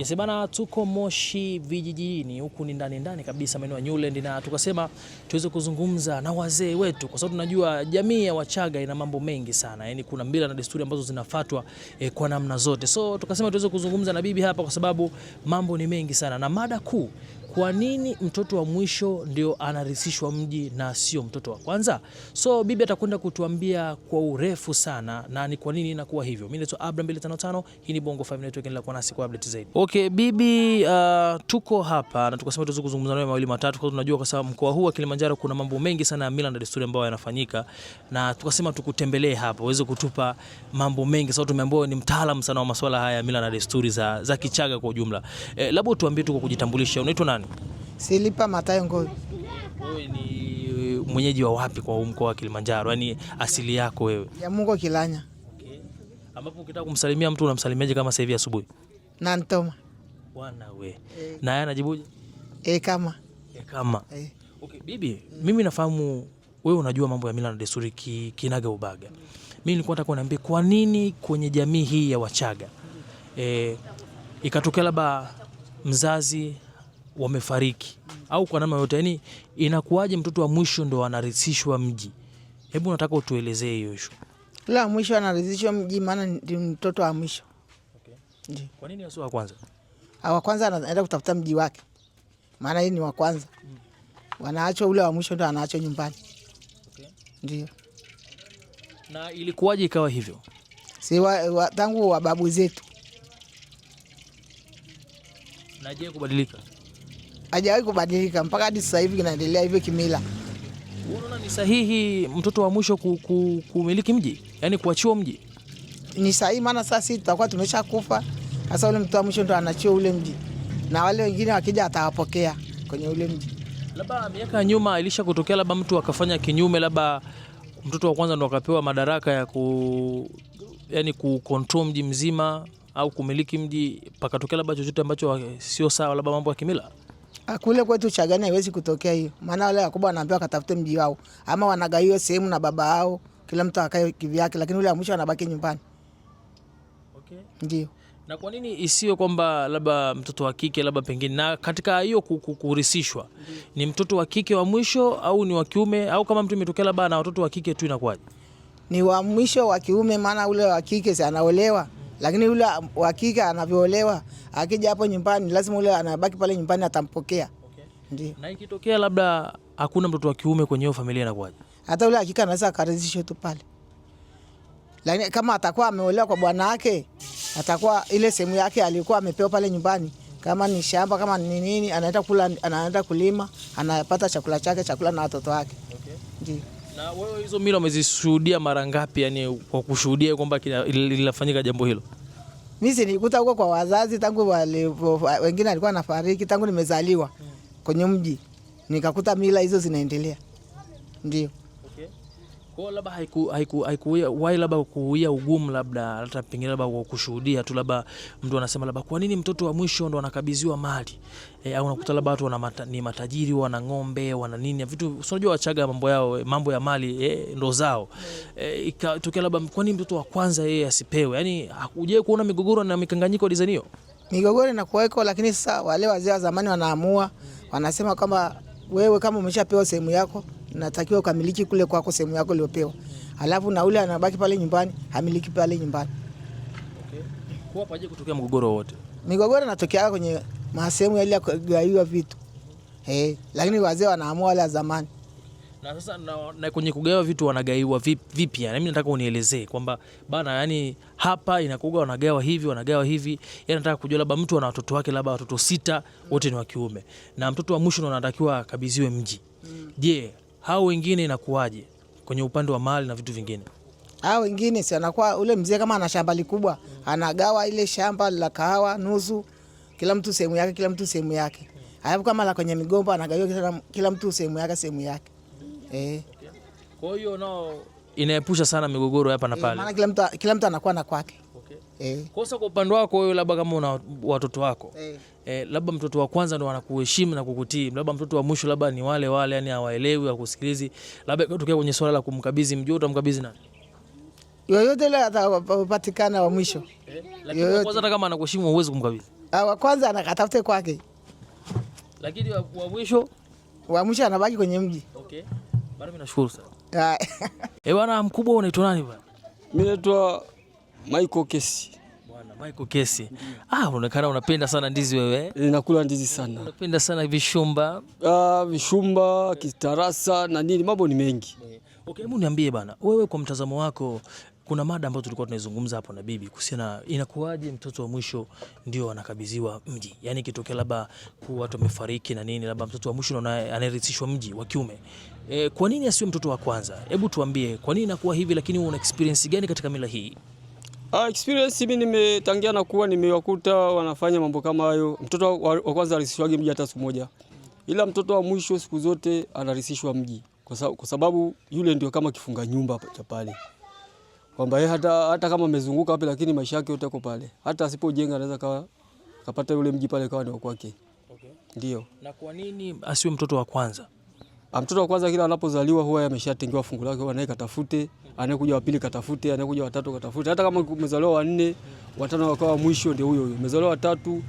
Yes, bana tuko Moshi vijijini huku ni ndani ndani kabisa maeneo ya Newland, na tukasema tuweze kuzungumza na wazee wetu, kwa sababu tunajua jamii ya Wachaga ina mambo mengi sana, yani kuna mila na desturi ambazo zinafuatwa eh, kwa namna zote. So tukasema tuweze kuzungumza na bibi hapa, kwa sababu mambo ni mengi sana, na mada kuu kwa nini mtoto wa mwisho ndio anarithishwa mji na sio mtoto wa kwanza? So bibi atakwenda kutuambia kwa urefu sana na ni kwa nini inakuwa hivyo. Mimi naitwa Abra 255, hii ni Bongo 5 Network, endelea kuwa nasi kwa update zaidi. Okay bibi, uh, tuko hapa na tukasema tuweze kuzungumza nawe mawili matatu, kwa tunajua kwa sababu mkoa huu wa Kilimanjaro kuna mambo mengi sana ya mila na desturi ambayo yanafanyika, na tukasema tukutembelee hapa uweze kutupa mambo mengi. sababu tumeambiwa ni mtaalamu sana wa masuala haya ya mila na desturi za, za Kichaga kwa ujumla. Eh, labda tuambie tu kwa kujitambulisha, unaitwa nani? nani? Silipa Matayo Ngowi. Wewe ni eh, mwenyeji wa wapi kwa mkoa wa Kilimanjaro? Yaani asili yako wewe? Ya Mungu Kilanya. Okay. Ambapo ukitaka kumsalimia mtu unamsalimiaje kama sasa hivi asubuhi? Na ntoma. Bwana we. E. Na yeye anajibuje? Eh, kama. Eh, kama. E. Okay, bibi, e. Mimi nafahamu wewe unajua mambo ya mila na desturi ki, kinaga ubaga. Mimi nilikuwa nataka kuniambia kwa nini kwenye jamii hii ya Wachaga eh, ikatokea labda mzazi wamefariki au kwa namna yote, yani inakuwaje mtoto wa mwisho ndo anarithishwa mji? Hebu nataka utuelezee hiyo ishu. La mwisho anarithishwa mji, maana ni mtoto wa mwisho. Okay. Kwa nini sio wa kwanza? Ah, wa kwanza anaenda kutafuta mji wake, maana yeye ni wa kwanza. Hmm. Wanaachwa ule wa mwisho ndo anaachwa nyumbani. Okay. Ndio. Na ilikuwaje ikawa hivyo? Si wa, wa, tangu wa babu zetu. Naje kubadilika hajawahi kubadilika mpaka hadi sasa hivi kinaendelea hivyo kimila. Unaona ni sahihi mtoto wa mwisho ku, ku, kumiliki mji, yaani kuachiwa mji ni sahihi, maana sasa sisi tutakuwa tumeshakufa. kufa. Sasa ule mtoto wa mwisho ndo anachiwa ule mji, na wale wengine wakija atawapokea kwenye ule mji. Labda miaka ya nyuma ilisha kutokea, labda mtu akafanya kinyume, labda mtoto wa kwanza ndo akapewa madaraka ya ku yani kukontrol mji mzima au kumiliki mji, pakatokea labda chochote ambacho sio sawa, labda mambo ya kimila Ah, kule kwetu Chagani haiwezi kutokea hiyo, maana wale wakubwa wanaambiwa katafute mji wao, ama wanagaiwa sehemu na baba ao kila mtu akae kivyake, lakini ule wa mwisho anabaki nyumbani. Okay. Ndio. Na kwa nini isiyo kwamba labda mtoto wa kike labda pengine na katika hiyo kurisishwa ni mtoto wa kike wa mwisho au ni wa kiume au kama mtu imetokea labda na watoto wa kike tu inakuwaje? Ni wa mwisho wa kiume, maana ule wa kike si anaolewa lakini yule wa kike anavyoolewa akija hapo nyumbani, lazima yule anabaki pale nyumbani atampokea. Okay. Ndio. Na ikitokea labda hakuna mtoto wa kiume kwenye hiyo familia inakuwaje? Hata yule hakika anaweza akaridhishwa tu pale, lakini kama atakuwa ameolewa kwa bwana wake, atakuwa ile sehemu yake alikuwa amepewa pale nyumbani, kama ni shamba, kama ni nini, anaenda kula, anaenda kulima, anapata chakula chake, chakula na watoto wake. Okay. Ndio. Na wewe hizo mila umezishuhudia mara ngapi, yani kwa kushuhudia kwamba linafanyika jambo hilo? Mimi nilikuta huko kwa wazazi tangu wale wengine walikuwa nafariki tangu nimezaliwa kwenye mji, nikakuta mila hizo zinaendelea, ndio kwao labda wai labda kuuia ugumu, labda hata pengine labda kushuhudia tu, labda mtu anasema labda kwa nini mtoto wa mwisho ndo anakabidhiwa mali e, au unakuta labda watu mata, ni matajiri wana ng'ombe wana nini vitu, unajua Wachaga mambo yao mambo ya mali e, ndo zao e, ikatokea labda kwa nini mtoto wa kwanza yeye asipewe? Yani hakuje kuona migogoro na mikanganyiko design hiyo? Migogoro inakuweko, lakini sasa wale wazee wa zamani wanaamua, mm. wanasema kwamba wewe kama umeshapewa sehemu yako natakiwa ukamiliki kule kwako sehemu yako uliopewa. Alafu na ule anabaki pale nyumbani, hamiliki pale nyumbani. Okay. Kwa paje kutokea mgogoro wote. Migogoro inatokea kwenye masehemu yale ya kugaiwa vitu. Eh, lakini wazee wanaamua wale zamani. Na sasa na, na kwenye kugaiwa vitu wanagaiwa vipi, Yani mimi nataka unielezee kwamba bana, yani hapa inakuga wanagawa hivi wanagawa hivi. Yani nataka kujua labda mtu ana watoto wake labda watoto sita wote ni wa kiume na mtoto wa mwisho ndo anatakiwa akabidhiwe mji. Mm. Je, mm hao wengine inakuwaje kwenye upande wa mali na vitu vingine? Hao wengine si anakuwa ule mzee kama ana shamba likubwa, anagawa ile shamba la kahawa nusu, kila mtu sehemu yake, kila mtu sehemu yake. Hapo kama la kwenye migomba anagawa kila, kila mtu sehemu yake, sehemu yake eh. Kwa hiyo nao inaepusha sana migogoro hapa na eh, pale, maana kila mtu kila mtu anakuwa na kwake. Okay. Eh. Kosa kwa upande wako wewe, labda kama una watoto wako eh. E, labda mtoto wa kwanza ndo anakuheshimu na kukutii, labda mtoto wa mwisho labda ni wale wale, yani hawaelewi kusikilizi. Labda tukiwa kwenye swala la kumkabidhi mjua, utamkabidhi nani? Yoyote ile atapatikana wa mwisho, eh, lakini kwanza hata kama anakuheshimu huwezi kumkabidhi. Ah, wa kwanza anakatafute kwake, lakini wa mwisho wa mwisho anabaki kwenye mji. Okay, bado nashukuru sana. Ah. Eh bwana, mkubwa unaitwa nani bwana? Mimi naitwa Michael Kesi. Michael Kesi. Ah, unaonekana unapenda sana ndizi wewe. E, nakula ndizi sana. Unapenda sana vishumba. Ah, vishumba, kitarasa na nini, mambo ni mengi. Eh, okay, hebu niambie bana, wewe kwa mtazamo wako kuna mada ambayo tulikuwa tunaizungumza hapo na bibi kuhusiana inakuwaje mtoto wa mwisho ndio anakabidhiwa mji, yaani ikitokea labda kwa watu wamefariki na nini, labda mtoto wa mwisho anarithishwa mji wa kiume e, kwa nini asiwe mtoto wa kwanza? Hebu tuambie kwa nini inakuwa hivi, lakini una experience gani katika mila hii? Ah, experience mimi nimetangia na kuwa nimewakuta wanafanya mambo kama hayo. Mtoto wa kwanza alisishwagi mji hata siku moja, ila mtoto wa mwisho siku zote anarisishwa mji, kwa sababu yule ndio kama kifunga nyumba cha pale, kwamba yeye hata, hata kama amezunguka wapi, lakini maisha yake yote yako pale. Hata asipojenga anaweza kawa kapata yule mji pale kawa ni kwake. Okay. Ndio. Na kwa nini asiwe mtoto wa kwanza? Ah, mtoto wa kwanza kila anapozaliwa huwa ameshatengewa fungu lake, huwa naye katafute, anayekuja wa pili katafute, anayekuja wa tatu katafute. Hata kama umezaliwa wa nne, watano wakawa mwisho ndio huyo huyo. Umezaliwa wa watatu,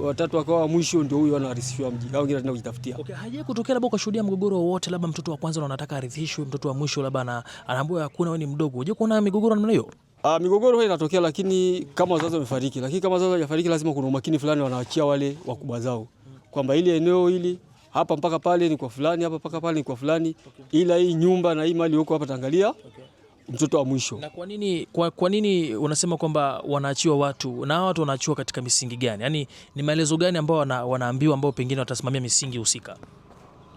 watatu wakawa mwisho ndio huyo anarithishiwa mji. Hao wengine wanaenda kujitafutia. Okay, haje kutokea labda ukashuhudia mgogoro wowote, labda mtoto wa kwanza anataka arithishwe, mtoto wa mwisho labda na anaambiwa hakuna, wewe ni mdogo. Je, kuna migogoro namna hiyo? Uh, migogoro huwa inatokea lakini kama wazazi wamefariki, lakini kama wazazi hawajafariki lazima kuna umakini fulani wanaachia wale wakubwa zao kwamba ili eneo hili hapa mpaka pale ni kwa fulani, hapa mpaka pale ni kwa fulani okay. Ila hii nyumba na hii mali huko hapa taangalia okay. Mtoto wa mwisho. Na kwa nini, kwa, kwa nini unasema kwamba wanaachiwa watu na watu wanaachiwa katika misingi gani? Yaani ni maelezo gani ambao wana, wanaambiwa ambao pengine watasimamia misingi husika?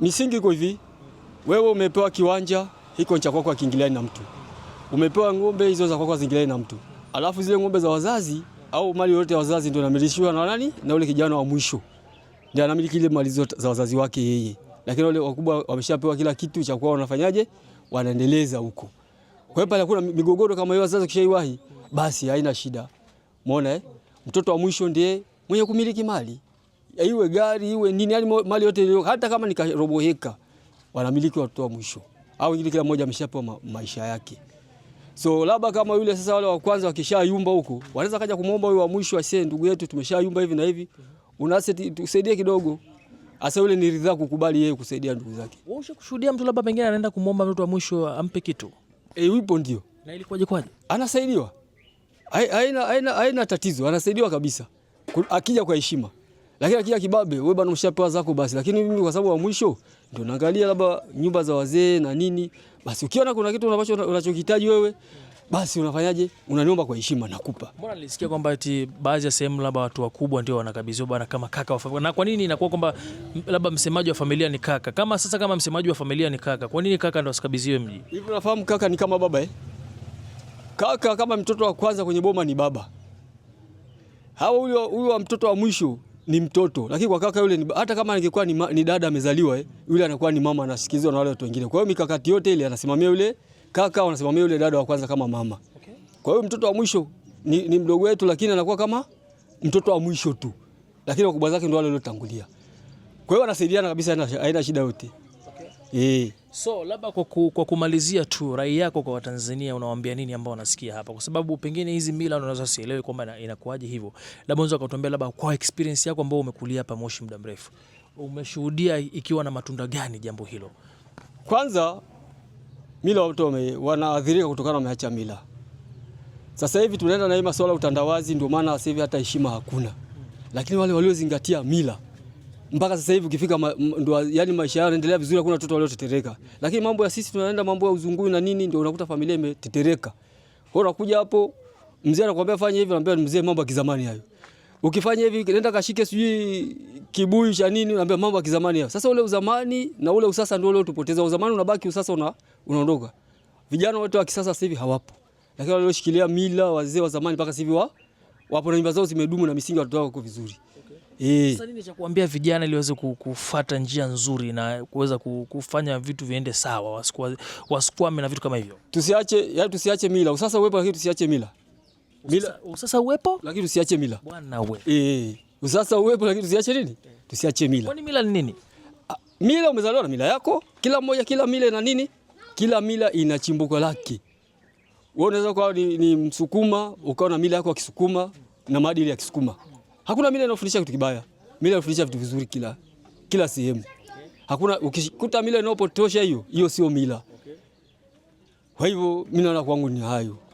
Misingi iko hivi, wewe umepewa kiwanja hiko cha kwako kiingiliani na mtu, umepewa ng'ombe hizo za kwako zingiliani na mtu, alafu zile ng'ombe za wazazi au mali yote ya wazazi ndio inamilishiwa na nani? Na ule kijana wa mwisho ndio anamiliki ile mali zote za wazazi wake yeye, lakini wale wakubwa wameshapewa kila kitu cha kwao, wanafanyaje? Wanaendeleza huko. Kwa hiyo pale kuna migogoro kama hiyo, wazazi kishaiwahi, basi haina shida. Umeona eh? Mtoto wa mwisho ndiye mwenye kumiliki mali, iwe gari iwe nini, yani mali yote, hata kama nikaroboheka, wanamiliki watoto wa mwisho au ingine, kila mmoja ameshapewa ma maisha yake. So labda kama yule sasa, wale wa kwanza wakishayumba huko, wanaweza kaja kumwomba huyo wa mwisho, asiye ndugu yetu, tumeshayumba hivi na hivi una tusaidie kidogo. Asa yule niridhaa kukubali yeye kusaidia ndugu zake. Wewe ushakushuhudia mtu labda pengine anaenda kumwomba mtu wa mwisho ampe kitu? e, yupo ndio. Na ilikuwaje kwaje? Anasaidiwa. Haina haina haina tatizo, anasaidiwa kabisa. Akija kwa heshima. Lakini akija kibabe, wewe bwana umeshapewa zako basi. Lakini mimi kwa sababu wa mwisho ndio naangalia labda nyumba za wazee na nini. Basi ukiona kuna kitu ambacho unachokihitaji wewe, basi unafanyaje? Unaniomba kwa heshima nakupa. Mbona nilisikia kwamba eti baadhi ya sehemu labda watu wakubwa ndio wanakabidhiwa bwana kama kaka wa familia. Na kwa nini inakuwa kwamba labda msemaji wa familia ni kaka? Kama sasa kama msemaji wa familia ni kaka, kwa nini kaka ndio asikabidhiwe mji? Hivi unafahamu kaka ni kama baba eh? Kaka kama mtoto wa kwanza kwenye boma ni baba. Hawa huyo huyo wa mtoto wa mwisho ni mtoto, lakini kwa kaka yule ni, hata kama angekuwa ni, ni dada amezaliwa eh, yule anakuwa ni mama anasikizwa na wale watu wengine. Kwa hiyo mikakati yote ile anasimamia yule kaka wanasimamia yule dada wa kwanza kama mama. Okay. Kwa hiyo mtoto wa mwisho ni, ni mdogo wetu, lakini anakuwa kama mtoto wa mwisho tu, lakini wakubwa zake ndio wale waliotangulia. Kwa hiyo wanasaidiana kabisa, haina shida yote. Okay. E. So labda kwa, ku, kwa kumalizia tu rai yako kwa Watanzania unawaambia nini ambao wanasikia hapa, kwa sababu pengine hizi mila unaweza sielewe kwamba inakuaje hivyo, labda unaweza kutuambia labda kwa experience yako ambao umekulia hapa Moshi muda mrefu, umeshuhudia ikiwa na matunda gani jambo hilo? Kwanza mila watu wanaathirika kutokana na wameacha mila. Sasa hivi tunaenda na hii masuala utandawazi, ndio maana sasa hivi hata heshima hakuna, lakini wale waliozingatia mila mpaka sasa hivi ukifika ma, ndo yani maisha yao yanaendelea vizuri, hakuna watoto waliotetereka. Lakini mambo ya sisi tunaenda mambo ya uzunguni na nini, ndio unakuta familia imetetereka. Kwa hiyo unakuja hapo, mzee anakuambia fanya hivi, anambia mzee, mambo ya kizamani hayo ukifanya hivi nenda kashike sijui kibuyu cha nini, unaambia mambo ya kizamani hayo. Sasa ule uzamani na ule usasa ndio ule utupoteza. Uzamani unabaki, usasa una, unaondoka. Vijana wote wa kisasa sasa hivi hawapo, lakini wale walioshikilia mila wazee wa zamani mpaka sasa hivi wa, wapo na nyumba zao zimedumu na misingi watoto wako vizuri. Okay. E. Sasa nini cha kuambia vijana ili waweze kufuata njia nzuri na kuweza kufanya vitu viende sawa, wasikwame na vitu kama hivyo? Tusiache, yaani tusiache mila, usasa uwepo, lakini tusiache mila. Mila usasa uwepo lakini tusiache mila. Bwana wewe. Eh. Usasa uwepo lakini tusiache nini? E. Tusiache mila. Kwani mila ni nini? A, ah, mila umezaliwa na mila yako. Kila mmoja kila mila na nini? Kila mila ina chimbuko lake. Wewe unaweza kuwa ni, ni Msukuma ukawa na mila yako ya Kisukuma na maadili ya Kisukuma. Hakuna mila inayofundisha kitu kibaya. Mila inafundisha vitu vizuri kila kila sehemu. Hakuna ukikuta mila inayopotosha hiyo, hiyo sio mila. Kwa hivyo mimi naona kwangu ni hayo.